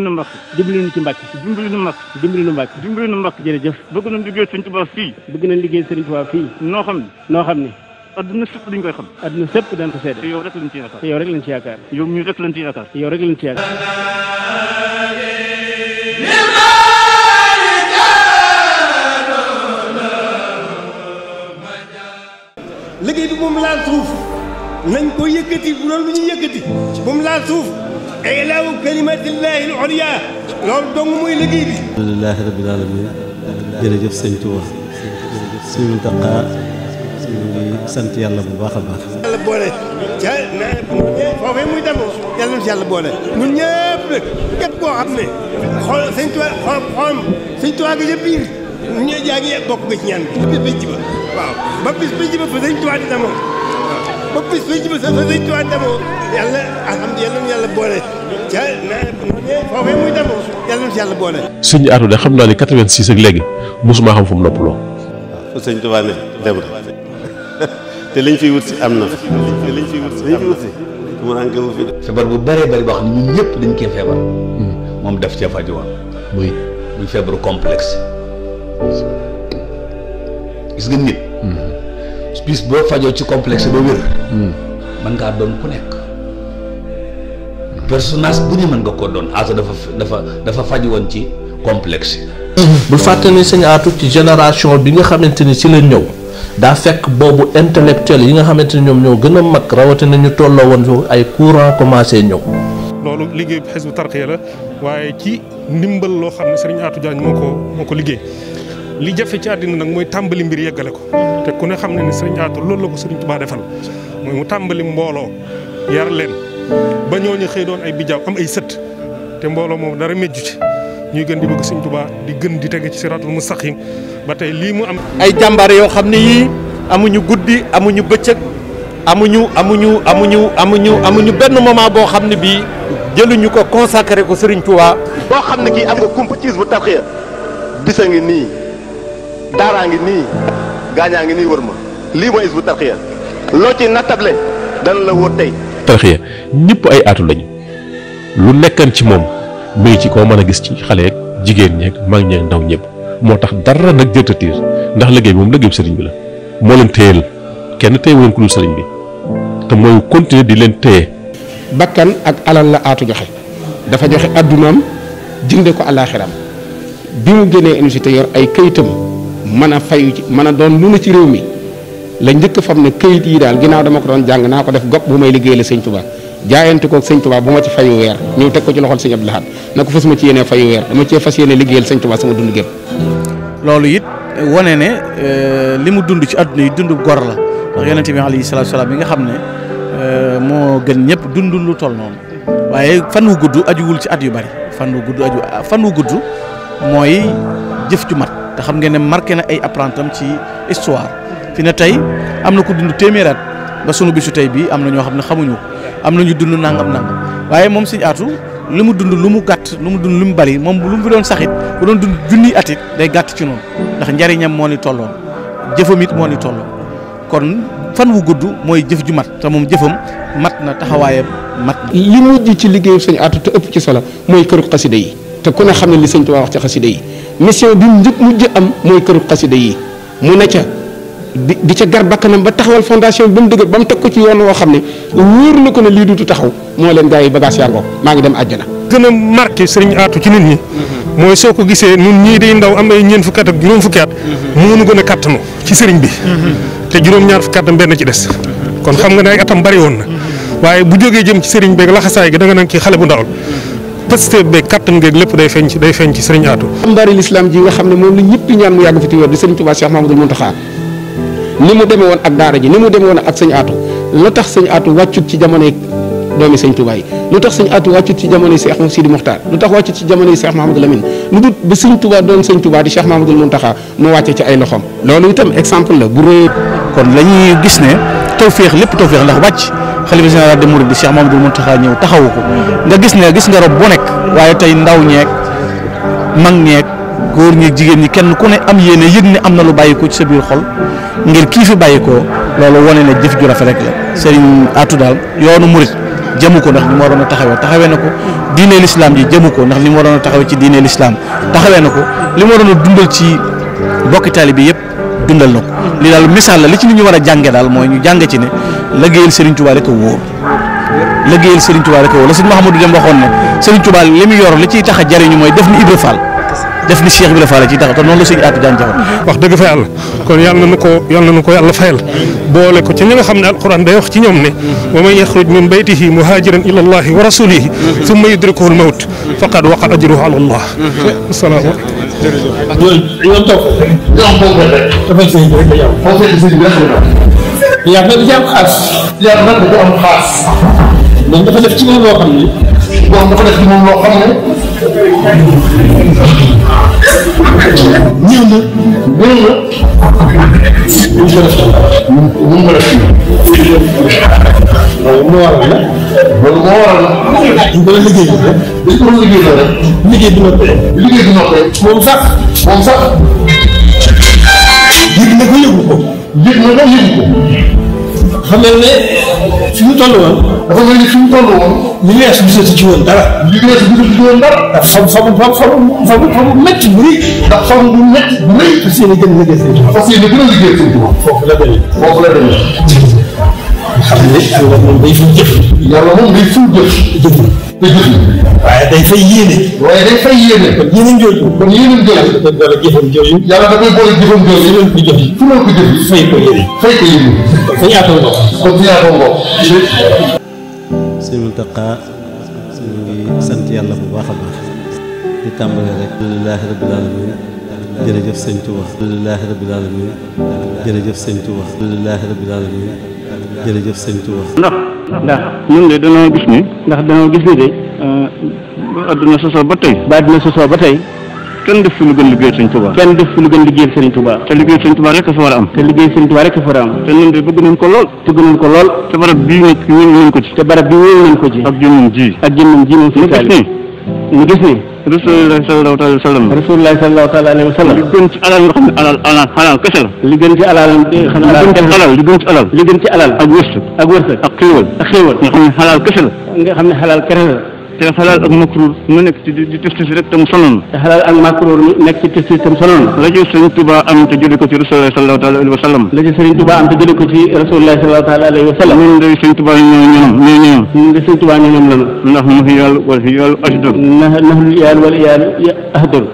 nu mbokk dimbali ci mbàkk dimbali nu mbàkk dimbali nu mbàkk dimbali nu mbàkk jërëjëf bëgg nañ liggéey sëriñ Tuubaa fii bëgg noo xam ne noo xam ne ko seede yow rek lañ ci yaakaar yow rek lañ ci yaakaar yow ñu rek lañ ci yaakaar yow bi moom laal suuf nañ ko yëkkati bu doon ñu yëkkati bu mu laal suuf ilaahu kalimatillahi al ulya loolu dong mooy liggéey bi alhamdulilahi rabbil alamin jërëjëf sëñ Tuuba sëñ Muntaxa ñu ngi sant yàlla bu baax a baax yàlla boole ca foofee muy dem yàlla na si yàlla boole ñun ñëpp nag képp koo xam ne xool sëñ Tuuba xool xool sëñ Tuuba ga yëpp biir ñu jaa ngi bokk nga ci ñaan bi bis ba waaw ba bis ba fa sëñ Tuuba di demoon ba bis bi ci bis ba sëñ Tuubaa demoo yàlla alhamdulilah yàlla na yàlla boole ca foofee muy demoo de xam naa ne 86 ak léegi mosuma xam fu mu noppaloo. waaw ah, fa wut si am na mu naan gëmu feebar bu bëree bëri boo xam ne ñun ñëpp dañ koy feebar. Hmm. moom daf cee faju woon. muy feebaru complexe. gis nga nit. Hmm. bis boo fajoo ci complexe ba wér. Hmm. mën ngaa doon ku nekk. personnage bu ne mën nga ko doon aata dafa dafa dafa faj woon ci complexe. bu fàtte ni sëñ Atou ci génération bi nga xamante ni ci la ñëw daa fekk boobu intellectuel yi nga xamante ni ñoom ñoo gën a mag rawatina ñu tolloo woon ay courant commencé ñëw. loolu liggéey bu Hizbut Tarqiyyah la waaye ci ndimbal loo xam ne sëriñ Atou Diagne moo ko moo ko liggéey. li jafe ci àddina nag mooy tàmbali mbir yeggale ko te ku ne xam ne ni sëriñ Atou loolu la ko sëriñ Tuubaa defal mooy mu tàmbali mbooloo yar leen ba ñooñu xëy doon ay bijaaw am ay sët te mbooloo moom dara mejju ci ñuy gën di bëgg sëriñ Tuubaa di gën di tege ci siraatul mustaqim ba tey lii mu am ay jàmbaar yoo xam ne yii amuñu guddi amuñu bëccëg amuñu amuñu amuñu amuñu amuñu benn moment boo xam ne bii jëluñu ko consacré ko sëriñ Tuubaa boo xam ne kii bu tarxiya bisa nii daaraa ngi nii gaañaa ngi nii wër ma lii mooy isbu tarxiya loo ci nattable dana la wóor tey. tarxiya ñëpp ay aatu lañu lu nekkan ci moom muy ci koo mën a gis ci xale yeeg jigéen ñeeg mag ñeeg ndaw ñëpp moo tax dara nag jërta ndax liggéey moom liggéey bu sëriñ bi la moo leen téyel kenn tey woon ku bi te mooy continuer di leen téye. bakkan ak alal la aatu joxe dafa joxe addunaam jënde ko àllaaxiraam bi mu génnee université yor ay këyitam. mën a fay ci mën a doon lu ne ci réew mi la njëkk fam ne këyit yi daal ginnaaw dama ko doon jàng naa ko def gopp bu may liggéey la sëñ Tuubaa jaayante koog sëñ Tuubaa bu ma ci fayu weer ñëw teg ko ci loxol sëñ Abdou Lahad na ko fas ma ci yéene fayu weer dama cee fas yéene liggéeyal sëñ loolu it wane ne euh, li mu dund ci àdduna yi dund gor la ndax yonente bi alayhi salaatu salaam bi nga xam ne euh, moo gën ñëpp dund lu toll noonu waaye fan wu gudd ajuwul ci at yu bari fan wu gudd aju fan wu gudd mooy jëf ju te xam ngeen ne marqué na ay apprentam ci histoire fi ne tey am na ko dund téeméeraat ba sunu bisu tey bii am na ñoo xam ne xamuñu am na ñu dund nangam nangam waaye moom Sëñ Aatu li mu dund lu mu gàtt lu mu dund lu mu bari moom lu mu fi doon saxit bu doon dund junniy at day gàtt ci noonu ndax njariñam moo ni tolloon jëfam it moo ni tolloon kon fan wu gudd mooy jëf ju mat te moom jëfam mat na taxawaayam mat na. li mujj ci liggéeyu Sëñ Aatu te ëpp ci solo mooy këru xasida yi te xam ne li Sëñ mission bi mu mujj am mooy këru xasida yi mu ne ca di di ca gar bakkanam ba taxawal fondation bi ba mu dëgër ba mu teg ko ci yoon woo xam ne wóor na ko ne lii dutu taxaw moo leen gars yi bagage yaa ngoog maa ngi dem àjjana. gën a marqué sëriñ Aatu ci nit ñi. mooy soo ko gisee ñun ñii day ndaw am ay ñeen fukki at juróom fukki at. moo nu gën a kàttanu ci sëriñ bi. te juróom-ñaar fukki atam benn ci des. kon xam nga ne ay atam bari woon na. waaye bu jógee jëm ci sëriñ beeg laxasaay gi danga naan kii xale bu ndawal pëstéef beeg kattan geeg lépp day feeñ ci day feeñ ci sëriñ Atou. mbari lislaam ji nga xam ne moom la ñëpp ñaan mu yàgg fi ci wér di sëriñ Touba Cheikh Mamadou Mountakha ni mu demee woon ak daara ji ni mu demee woon ak sëñ Atou la tax sëñ Atou wàccut ci jamonoy doomi sëñ Touba yi lu tax sëñ Atou wàccut ci jamonoy Cheikh Sidi Mokhtar lu tax wàccut ci jamonoy Cheikh Mamadou Lamine lu dut ba sëñ Touba doon sëñ Touba di Cheikh Mamadou Mountakha mu wàcce ci ay loxoom loolu itam exemple la bu rëy kon la ñuy gis ne tawféex lépp tawféex ndax wàcc xalifa général de Mouride Cheikh Mamadou Mountakha ñëw taxawu ko nga gis ne gis nga rob bu nekk waaye tey ndaw ñeek mag ñeeg góor ñeeg jigéen ñi kenn ku ne am yéene yëg ne am na lu bàyyi ko ci sa biir xol ngir kii fi bàyyi ko loolu wone ne jëf ju rafet rek la Serigne Atou daal yoonu Mouride jëmu ko ndax ni moo doon a taxawee taxawee na ko diine lislaam ji jëmu ko ndax ni moo doon a taxawee ci diine lislaam taxawee na ko li moo doon dundal ci bokki taalibe bi yëpp dundal na ko lii daal misaal la li ci nit ñu war a jàngee daal mooy ñu jàng ci ne liggéeyal Serigne Touba rek a wóor liggéeyal Serigne Touba rek a wóor la sëñ Mahamadou Dem waxoon ne Serigne Touba li mu yor li ciy tax a jariñu mooy def ni Ibra Fall def ni Cheikh Ibra Fall ci tax te noonu la suñu àtt daan jaxal wax dëgg fa yàlla kon yàlla na ko yàlla na ko yàlla fayal boole ko ci ñi nga xam ne alquran day wax ci ñoom ne wa man yaxruj min baytihi muhajiran ila allahi wa rasulihi summa yudrikuhu almawt faqad waqa ajruhu ala allah asalaamaaleykum yaa ngi leen am xaas. yaa ngi leen di am xaas. dañ dafa def ci moom loo xam ne. boo dafa def ci moom loo xam ne. ñëw na gën la ñu ko def mun mun ko def loolu moo waral la loolu moo waral la ñu ko liggéey bi ko liggéey la rek liggéey bi noppee liggéey bi noppee moom sax moom sax yëg na ko yëgu ko yëg na ko yëgu ko dafa mel ne fi mu toll woon. dafa mel ni fi mu toll woon. li weesu gisatu ci woon dara. li weesu gisatu ci woon dara. ndax fa fa fa fa fa métti bu rëy. ndax fa bu métti bu rëy. fas yéene gën a liggéey seen tubaab. fas yéene gën a liggéey seen tubaab. foofu la demee. foofu la demee. xam ne yàlla moom day fi jëf. yàlla moom day suul jëf. jëf la te jëf la. waaye day fay yéene. waaye day fay yéene. kon yéene jooju. kon yéene jooju. yàlla jëfam jooju. yàlla da koy boole jëfam jooju. yéen ko jëf. fu ko jëf fay ko yéene. fay ko yéene. kon ñaata ngoog. kon ñaata ngoog. sëñ Mountakha ñu ngi sant yàlla bu baax a baax. di tàmbale rek. alhamdulilahi rabbil alamin jërëjëf sëñ Touba. alhamdulilahi rabbil alamin jërëjëf sëñ Touba. alhamdulilahi rabbil alamin jërëjëf sëñ Touba. ndax ñun de danoo gis ni ndax danoo gis ni de adduna euh, sosoo ba tey ba adduna sosoo ba tey kenn def fi lu gën liggéey sëñ Tuubaa kenn def fi lu gën liggéey sëñ Tuubaa te liggéey sëñ Tuubaa rek a fa war a am te liggéey sëñ Tuubaa rek a war am te ñun de bëgg nañ ko lool bëgg nañ ko lool te barab bii nag wóolu nañ ko ci te barab bi wóolu nañ ko ci ak jëmmam ji ak jëmmam ji moom fi ñu gis ni. rasulullah sallallahu taala wa sallam. rasulullah sallallahu taala alayhi wa sallam. li gën ci alal yoo xam ne alal alal xalaal kese la. li gën ci alal xam ne alal li gën ci alal. li gën ci alal ak wërsëg. ak wërsëg ak xéewal. ak xéewal nga xam ne xalaal kese la. nga xam ne xalaal kese la. te xalaal ak makruur mu nekk ci di tifti si rek tam sonoon te xalaal ak makruur mu nekk ci tifti tam sonoon la ci sëriñ Tuubaa am te jële ko ci rasulullahi sallallahu taala alayhi wa sallam la ci sëriñ Tuubaa am te jële ko ci rasulullahi sallallahu taala alayhi wa sallam ñun de sëriñ Tuubaa ñoo ñoom ñoo ñoom ñun de sëriñ Tuubaa ñoo ñoom lanu ndax mu yàlla wala yàlla ajdur ndax yàlla wala yàlla ajdur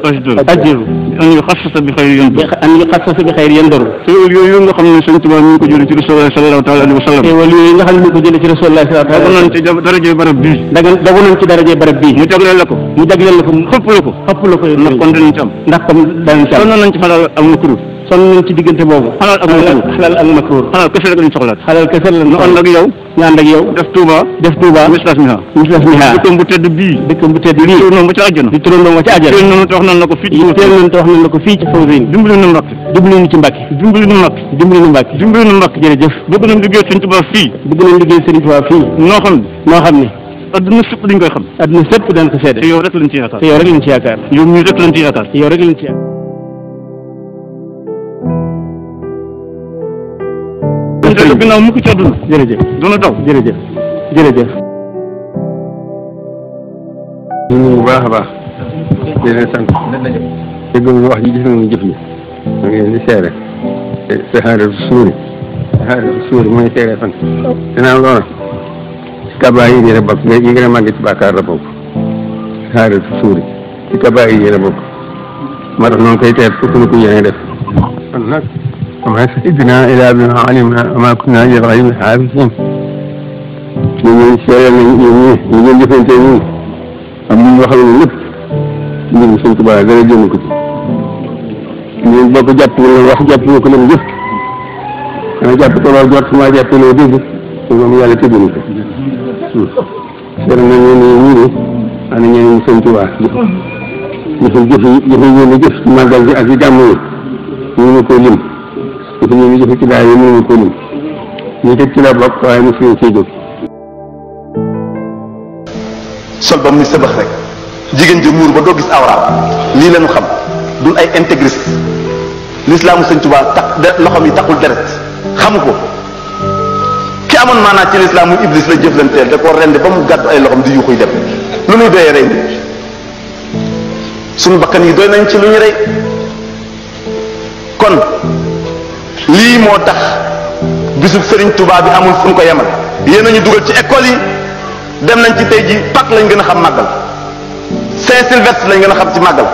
ajdur an yu xasasa bi xayri yëndu an yu xasasa bi xayri yëndu xéewal yooyu nga xam ne sëñ Tuubaa mi ngi ko jëlee ci Rasulullah sallallahu taala alayhi wa sallam xéewal yooyu nga xam ne mi ngi ko jëlee ci Rasulullah sallallahu taala dagoon nañ ci darajee barab bii dagan dagoon nañ ci darajee barab bii ñu jagleel la ko ñu jagleel la ko xëpp la ko xëpp la ko ndax kon danañ ci am ndax kon danañ ci am nañ ci fanal am na kuréel sonn nañ ci diggante boobu. xalal ak makruur xalal ak makruur. xalal kese la ñu soxla. xalal kese la ñu ànd ak yow. ñu ànd ak yow def Touba. def Touba mislas miha. mislas miha dëkkam bu tedd bii. dëkkam bu tedd bii di turandoom ba ca àjjana. di turandoom ba ca àjjana. teel nañu te wax nañ la ko fii ci. teel nañu te wax nañ la ko fii ci Fawzeyni. dimbali nu Mbàkke. dimbali nu ci Mbàkke. dimbali nu Mbàkke. dimbali nu Mbàkke. dimbali nu Mbàkke jërëjëf. bëgg nañ liggéey Sëriñ Touba fii. bëgg nañ liggéey Sëriñ Touba fii. noo xam ne noo xam ne adduna sëpp dañ koy xam adduna sëpp dañ ko seede te yow rek lañ ci yaakaar te yow rek lañ ci yaakaar yow mii rek lañ ci yaakaar yow rek lañ ci yaakaar sëñ bi ginnaaw mukk ci àdduna. jërëjëf duna daw jërëjëf jërëjëf. ñu ngi bu baax a baax. di leen sant. dégg nga wax ji gis nañu jëf ji. da ngeen di seere. saxaaratu suuri. saxaaratu suuri mooy seere fan. dinaa loola. si kabaay yi gën a bokk yi gën a màgg ci bàkkaar la bokk. saxaaratu suuri. si kabaay yi gën a bokk. moo tax noonu koy teer fukk na ko yéene def. kon nag. وما سيدنا إلا بما علم وما كنا للغيب حافظين ñooñu seere nañ ñoom ñi ñu doon jëfante ñun am nañu waxal dara jënd ko ci ñun boo ko jàpp loolu wax jàpp nga ko loolu jëf xanaa jàpp ko loolu jot maa jàpp loo dégg te moom yàlla tëdd na ko seere nañ ñoom ñu ne ana ñeneen sëñ Tuubaa jëf su ñu ngi jëfe ci daal yi mënuñu ko ñun ñu tëj ci la waaye mu fiy sol ba muy sëbax rek jigéen ji muur ba doo gis awraam lii lañu xam dul ay intégriste lislaamu sëñ Tuubaa tak de yi takkul deret xamu ko ki amoon maanaa ci lislaamu iblis la jëflanteel da ko rend ba mu gàddu ay loxoom di yuuxuy dem lu nuy doyee rey suñu bakkan yi doy nañ ci lu ñu rey lii moo tax bisub Serigne tubaab bi amul fu ñu ko yemal yéen a ñu dugal ci école yi dem nañ ci tey ji Pâques lañ gën a xam màggal Saint-Sylvestre lañ gën a xam ci màggal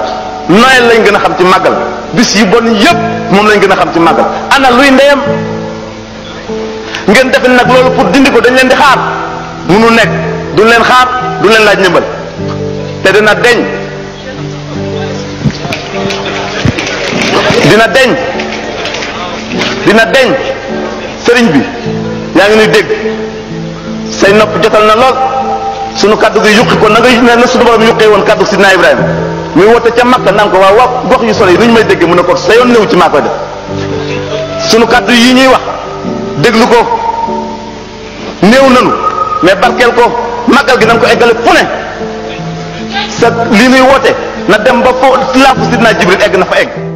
Noël lañ gën a xam ci màggal bis yu bon yépp moom lañ gën a xam ci màggal ana luy ndeyam ngeen defe nag loolu pour dindi ko dañ leen di xaar munu nekk duñ leen xaar duñ leen laaj ñëmbal te dina deñ dina deñ dina denc sëriñ bi yaa ngi nuy dégg say nopp jotal na lool sunu kaddu gi yuqi ko na nga ne na sunu borom yuqee woon kaddu sidna ibrahim muy woote ca Makka naan ko waaw waaw gox yu sore yi nu ñu may déggee mu ne ko sa yoon néew ci maa koy def sunu kaddu yi ñuy wax déglu ko néew nanu mais barkeel ko màggal gi nan ko eggale fu ne sa lii nuy woote na dem ba foo laafu sidna Jibril egg na fa egg